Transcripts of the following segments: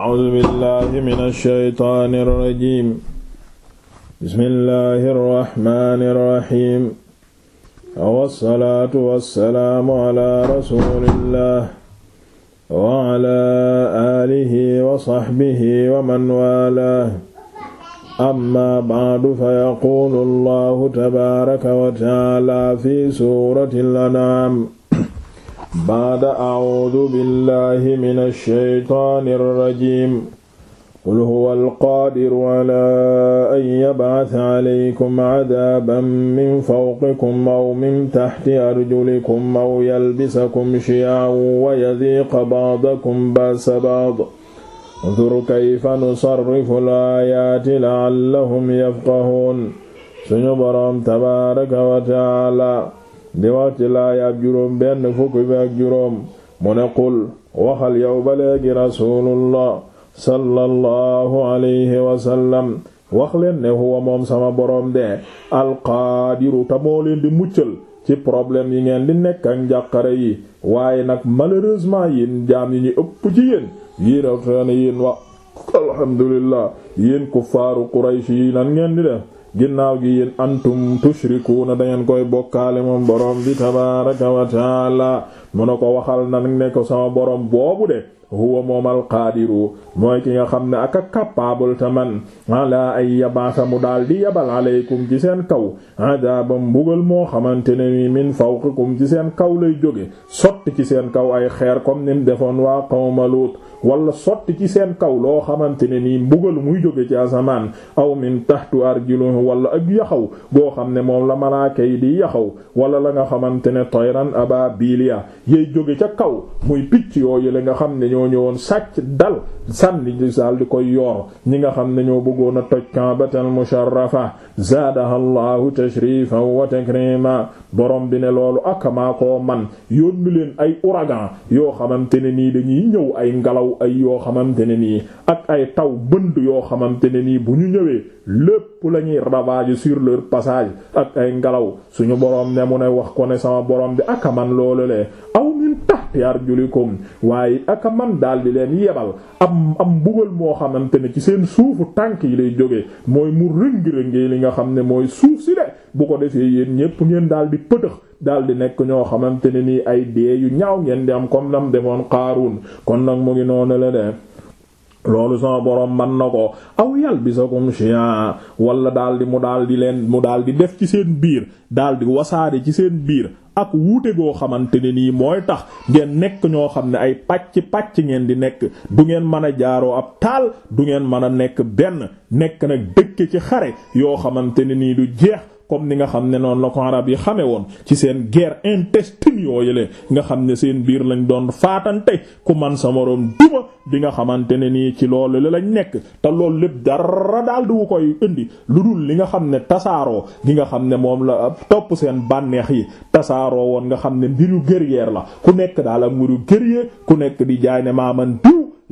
A'uuzu billaahi mina shaytaani rajiim bismillaahi rahmaani rahiim wassalaatu wassalaamu alaa rasuulillaah wa alaa aalihi wa sahbihi wa man waalaah amma ba'du fa yaquulu allaahu tabaaraka wa ta'aalaa fi suuratil an'aam baada acuudu billahi min alsheytaani alrajim qul huwa alqaadiru ala an yabcata calaykum cadaaban min fawqikum aw min taxti arjulikum aw yalbisakum shiyacan wa yadiiqa bacdakum ba'sa bacd undur kayfa nusarrifu alaayaati lacallahum yafqahuun suñu boroom tabaaraka wa tacaala di wax ci laaya ak juróom benn fukk bi ak juróom mu ne qul waxal yow ba léegi rasulullah sallallahu alayhi wasallam wax leen ne huwa moom sama boroom de alqaadiru ta moo leen di muccël ci problème yi ngeen di nekk ak njàqare yi waaye nag malheureusement yéen jaam yi ñu ëpp ci yéen yéen a fen yéen wax alhamdulillah yéen kuffaaru Quraysh yi nan ngeen di def ginnaaw gi yéen antum na dangeen koy bokkaale ma borom bi tabaaraka wa taala mu na ko waxal na ne ko sama borom boobu de huwa moom alqaadiru mooy ki nga xam ne ak a capable ta man ala ay yabaasa mu daal di yabal aleykum ci seen kaw adaba mbugal moo xamante ne mi min fawqikum ci seen kaw lay jóge sotti ci seen kaw ay xeer comme nim defoon waa qawma Luut wala sotti ci seen kaw loo xamante ne nii mbugal muy jóge ci asamaan aw min tahtu arjuluhu wala ak yaxaw goo xam ne moom la malaaka yi di yaxaw wala la nga xamante ne toyran aba bilia yey jóge ca kaw muy ñoo ñëwoon sàcc dal sànni di sal di koy yor ñi nga xam ne ñoo bëggoon a toj kaabatal musharrafa zaadaha allahu tashrifan wa takrima borom bi ne loolu ak maa koo man yónni leen ay uragan yoo xamante ne nii dañuy ñëw ay ngelaw ay yoo xamante ne nii ak ay taw bënd yoo xamante ne nii bu ñu ñëwee lépp la ñuy ravage sur leur passage ak ay ngelaw suñu borom ne mu ne wax ko ne sama boroom bi ak man loolu le aw min tahti arjulikum waaye ak man salaam daal di leen yebal am am mbugal moo xamante ne ci seen suufu tànk yi lay jóge mooy mu rëng-rëngee li nga xam ne mooy suuf si de bu ko defee yéen ñépp ngeen daal di pëtëx daal di nekk ñoo xamante ne nii ay dee yu ñaaw ngeen di am comme nam demoon Qaaruun kon nag mu ngi noonu la de loolu sama borom man na ko aw yalbisakum shi'a wala daal di mu daal di leen mu daal di def ci seen biir daal di wasaare ci seen biir ak wuute goo xamante ne nii mooy tax ngeen nekk ñoo xam ne ay pàcc pàcc ngeen di nekk du ngeen mën a jaaroo ab taal du ngeen mën a nekk benn nekk nag dëkk ci xare yoo xamante ne nii du jeex. comme ni nga xam ne noonu la ko arab yi xamee woon ci seen guerre intestine yooyule nga xam ne seen biir lañ doon faatante ku man sa moroom duma bi nga xamante ne nii ci loolu la lañ nekk te lool lépp dara daal du koy indi lu dul li nga xam ne tasaaroo gi nga xam ne moom la topp seen bànneex yi tasaaroo woon nga xam ne mbiru guerrier la ku nekk daal ak mbiru guerrier ku nekk di jaay ne maa man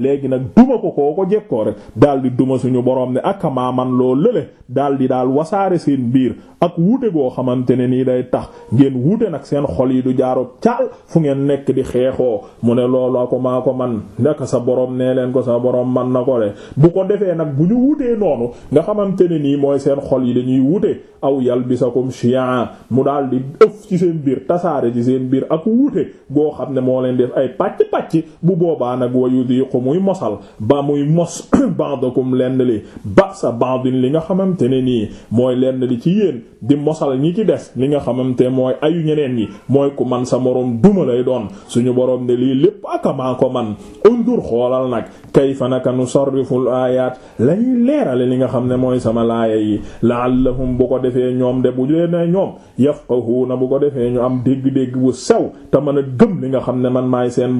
léegi nag duma ko koo ko jekkoo rek daal di duma suñu boroom ne ak maa man loo lële daal di daal wasaare seen biir ak wuute goo xamante ne nii day tax ngeen wuute nag seen xol yi du jaaroo caal fu ngeen nekk di xeexoo mu ne loolu ako maa ko man ndaka sa borom nee leen ko sa borom man na ko bu ko defee nag bu ñu wuutee noonu nga xamante ne nii mooy seen xol yi dañuy wuute aw yalbisakum shi'a mu daal di ëf ci seen biir tasaare ci biir ak wuute goo xam ne moo leen def ay pàcc pàcc bu boobaa nag wa yudhiqum muy mosal ba muy mos ba'dakum lenn li ba sa ba'din li nga xamante ne nii mooy lenn li ci yéen di mosal ñi ci des li nga xamante mooy ayu ñeneen yi mooy ku man sa moroom duma lay doon suñu boroom ne lii lépp akamaa ko man undur xoolal nag kayfa naka nusarriful aayaat lañuy leerale li nga xam ne mooy sama laaya yi la'allahum bu ko defee ñoom de bu leen ne ñoom yafqahuuna bu ko defee ñu am dégg-dégg bu sew te mën a gëm li nga xam ne man maay seen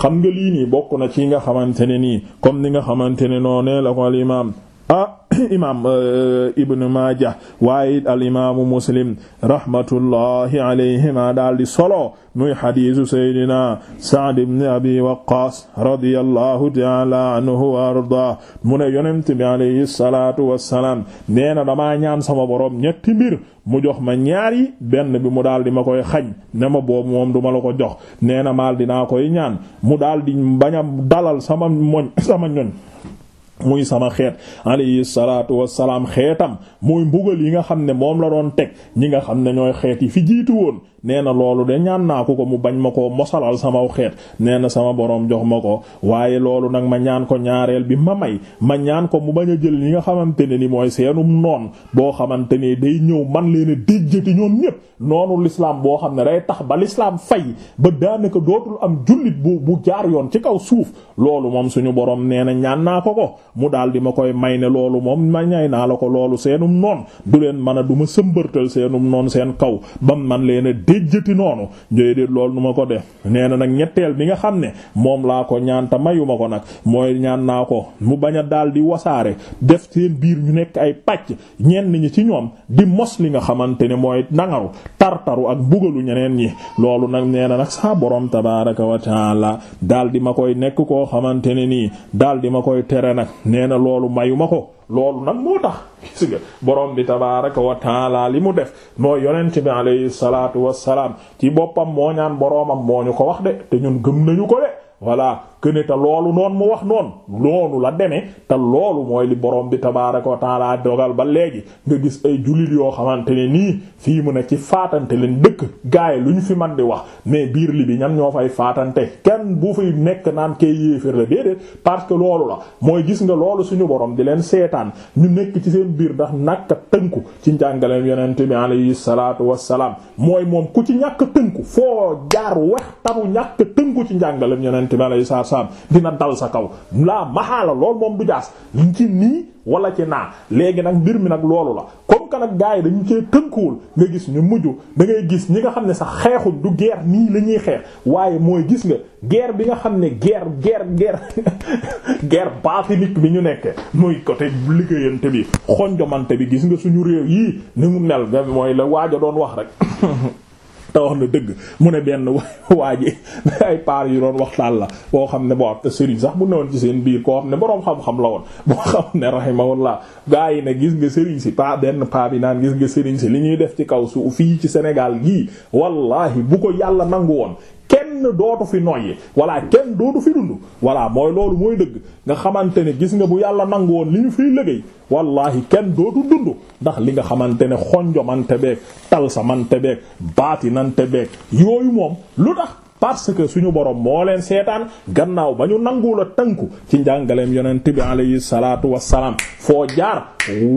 xam nga lii nii bokk na ci nga xamante ne nii comme ni nga xamante ne noonee la ko al ah imaam eh, Ibn Maaja waaye al imaamu Muslim rahmatullahi alayhima daal di solo muy hadiisu Seydina Sa'd ibn Abi Waqqaas radiyallahu ta'ala anhu wa ardaa mu ne yonent bi salaatu wassalaam nee na damaa ñaan sama borom ñetti mbir mu jox ma ñaar benn bi mu daal di ma koy xañ ne ma boobu moom du ma la ko jox nee na maal dinaa koy ñaan mu daal di bañ a dalal sama moñ sama ñoñ. muy sama xeet alayhi salaatu wassalaam xeetam muy mbugal yi nga xam ne moom la doon teg ñi nga xam ne ñooy xeet yi fi jiitu woon nee na loolu de ñaan naa ko ko mu bañ ma koo mosalal samaw xeet nee na sama boroom jox ma ko waaye loolu nag ma ñaan ko ñaareel bi ma may ma ñaan ko mu bañ a jël ñi nga xamante ne ni mooy seenum noon boo xamante ni day ñëw man leen a ñoom ñépp noonu l'islam boo xam ne day tax ba l'islam fay ba daanaka dootul am jullit bu bu jaar yoon ci kaw suuf loolu moom suñu boroom nee na ñaan naa ko ko mu daal di ma koy may ne loolu moom ma ñay naa la ko loolu seenum noon du leen mën a duma ma sëmbërtal seenum noon seen kaw bam man leen tëjjati noonu déedéet loolu nu ma ko def nee na nag ñetteel bi nga xam ne moom laa ko ñaan mayuma ko nag mooy ñaan naa ko mu bañ a daal di wasaare def seen biir ñu nekk ay pàcc ñenn ñi ci ñoom di mos li nga xamante ne mooy nangaru tartaru ak bugalu ñeneen ñi loolu nag nee na nag saa borom tabaaraka wa taala daal di ma koy nekk koo xamante ne nii daal di ma koy tere nag nee na loolu mayuma ko. loolu nag moo tax gis nga borom bi tabaaraka wa taala li mu def mooy yonent bi alayhi salaatu wassalaam ci boppam moo ñaan boromam moo ko wax de te ñun gëm nañu ko de voilà këne te loolu noonu mu wax noon loolu la demee te loolu mooy li borom bi tabaaraka wa taala dogal ba léegi nga gis ay jullit yoo xamante ne nii fii mun ne ci faatante leen dëkk gaay lu ñu fi man di wax mais biir li bi ñam ñoo fay faatante kenn bu fay nekk naan kay yéeféer la déedéet parce que loolu la mooy gis nga loolu suñu borom di leen seetaan ñu nekk ci seen biir ndax nakka tënku ci njàngaleem yonent bi alayhi salaatu wassalaam mooy moom ku ci ñàkk tënku foo jaar wax dëppoo ci njàngalem yonent bi alayhi salaam dina dal sa kaw laa maxaala lool moom bu jaas ci nii wala ci naa léegi nag mbir mi nag loolu la comme que nag yi dañu cee tënkuwul nga gis ñu mujj da ngay gis ñi nga xam ne sax xeexu du guerre nii lañuy xeex waaye mooy gis nga guerre bi nga xam ne guerre guerre guerre guerre bi ñu nekk muy côté liggéeyante bi xonjomante bi gis nga suñu réew yii ni mu mel nga mooy la waaja doon wax rek te wax na dëgg mu ne benn waa ji ay paar yu doon waxtaan la boo xam ne boo ab te sëriñ sax bu newoon ci seen biir koo xam ne boroom xam-xam la woon boo xam ne rahimahullah gaa yi ne gis nga sëriñ si pa benn pa bi naan gis nga sëriñ si li ñuy def ci kaw su fii ci Sénégal gii wallahi bu ko yàlla nangu woon kenn dootu fi noyyi voilà kenn dootu fi dund voilà mooy loolu mooy dëgg nga xamante ne gis nga bu yàlla nangu woon li ñu fiy liggéey wallahi kenn dootu dund ndax li nga xamante ne xonjomante beeg talsamante beeg baatinante beeg yooyu moom lu tax parce que suñu borom moo leen seetaan gannaaw ba ñu nangu la tënku ci njàngaleem yonent bi alayhi salaatu wassalaam foo jaar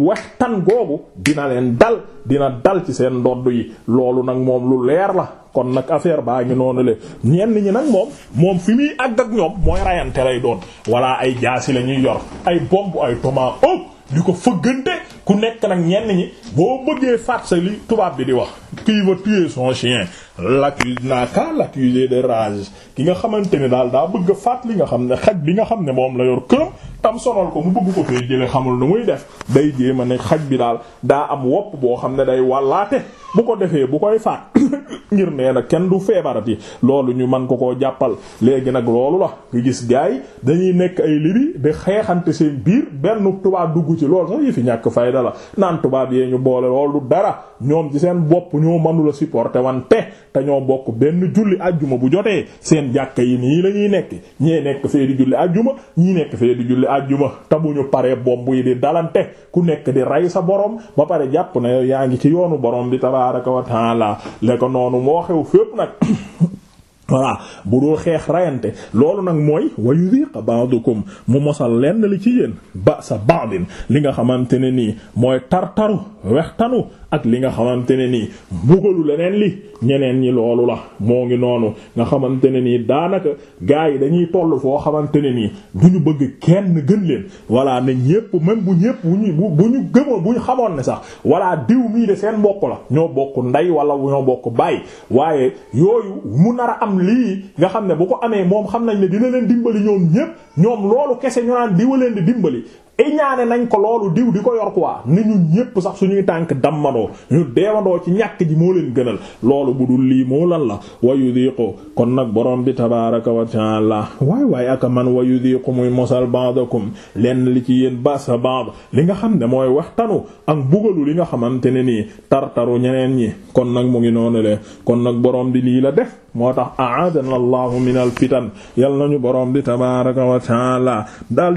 waxtaan googu dina leen dal dina dal ci seen ndodd yi loolu nag moom lu leer la kon nag affaire baa ngi noonu le ñenn ñi nag moom moom fi muy àgg ak ñoom mooy rayante lay doon walla ay jaasi la yor ay bomb ay tomahawk di ko fëggante ku nekk nag ñenn ñi boo bëggee faat sa li tubaab bi di wax qui veut tuer son chien l'accuse n'a qu'à l'accuser de rage ki nga xamante ne daal daa bëgg a faat li nga xam ne xaj bi nga xam ne moom la yor këram tam sonal ko mu bëgg ko fee jële xamul nu muy def day jéema ne xaj bi daal daa am wopp boo xam ne day wàllaate bu ko defee bu koy faat ngir nee na kenn du feebarati loolu ñu mën ko koo jàppal léegi nag loolu la nga gis gars dañuy nekk ay libi di xeexante seen biir benn tubaab dugg ci loolu sax yi fi ñàkk fayda la naan tubaab yee ñu boole loolu du dara ñoom ci seen bopp ñoo mënula supporter wante te ñoo bokk benn julli ajjuma bu jotee seen jàkka yi nii lañuy ñuy nekk ñee nekk fee di julli ajjuma ñii nekk fee di julli ajjuma te bu ñu paree bomb yi di dalante ku nekk di rey sa borom ba pare jàpp yaa ngi ci yoonu borom tabaraka wa ko noonu moo xew fépp nag voilà bu dul xeex rayante loolu nag mooy wa yuziqa ba'dukum mu mosal lenn li ci yéen ba sa bandin li nga xamante ne nii mooy tartaru wex tanu ak li nga xamante ne nii mbugalu leneen li ñeneen ñi loolu la moo ngi noonu nga xamante ne nii daanaka gars yi dañuy toll foo xamante ne nii du ñu bëgg kenn gën leen voilà ne ñépp même bu ñépp bu ñu bu ñu gëmoon bu ñu xamoon ne sax voilà diw mii de seen mbokk la ñoo bokk ndey wala ñoo bokk baay waaye yooyu mu nar a am lii nga xam ne bu ko amee moom xam nañ ne dina leen dimbali ñoom ñépp ñoom loolu kese ñu naan diwa leen di dimbali iñaane nañ ko loolu diw di ko yor quoi ni ñun ñépp sax suñuy tànk dammanoo ñu deewandoo ci ñàkk ji moo leen gënal loolu bu dul lii moo lan la wayu diqu kon nag borom bi tabaraka wa taala waay waay aka man wayu diqu muy mosal ba'dakum lenn li ci yéen basa ba'd li nga xam ne mooy wax waxtanu ak bugalu li nga xamante ne nii tartaru ñeneen ñi kon nag mu ngi noonu le kon nag borom bi lii la def moo tax aadana allahu min al fitan yal nañu borom bi tabaraka wa taala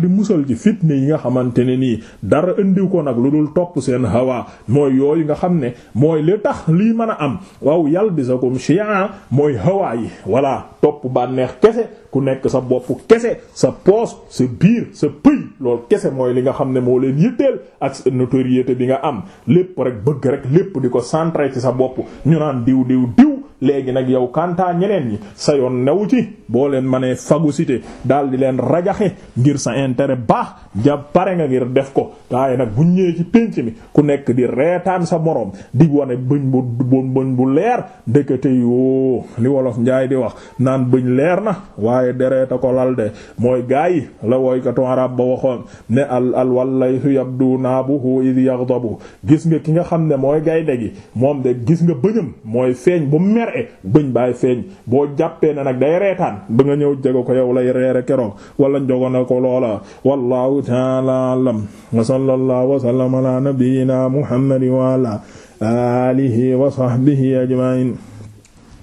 musal ci fitne yi nga xamante ne nii dara indiw ko nag lu dul topp seen hawa mooy yooyu nga xam ne mooy li tax lii mën a am waaw yalbisakum shi'a mooy hawa yi voilà topp bànneex kese ku nekk sa bopp kese sa poos sa biir sa pëy loolu kese mooy li nga xam ne moo leen yitteel ak sa notoriété bi nga am lépp rek bëgg rek lépp di ko centré ci sa bopp ñu naan diw diw diw léegi nag yow kantaa ñeneen ñi sa yoon newu ci boo leen mënee phagocyté daal di leen rajaxe ngir sa intérêt baax ja pare nga ngir def ko waaye nag bu ñëwee ci pénc mi ku nekk di reetaan sa moroom di wane bëñ bu bëñ bu leer dëkkate yoo li wolof njaay di wax naan bëñ leer na waaye dereeta ko lal de mooy gaa yi la woykatu arab ba waxoon ne al al wallaytu yabdu naabuhu id yaghdabu gis nga ki nga xam ne mooy gaynde gi moom de gis nga bëñam mooy feeñ mer'e bëñ baay feeñ boo jàppee ne nag day reetaan ba nga ñëw jego ko yow lay reere keroog wala njogona ko loola wallahu ta'ala a'lam wa sallallahu wa sallama ala nabiyyina muhammadin wa ala alihi wa sahbihi ajma'in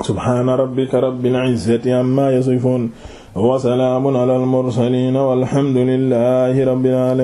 subhana rabbika rabbil izzati amma yasifun wa salamun ala al mursalin walhamdulillahi rabbil alamin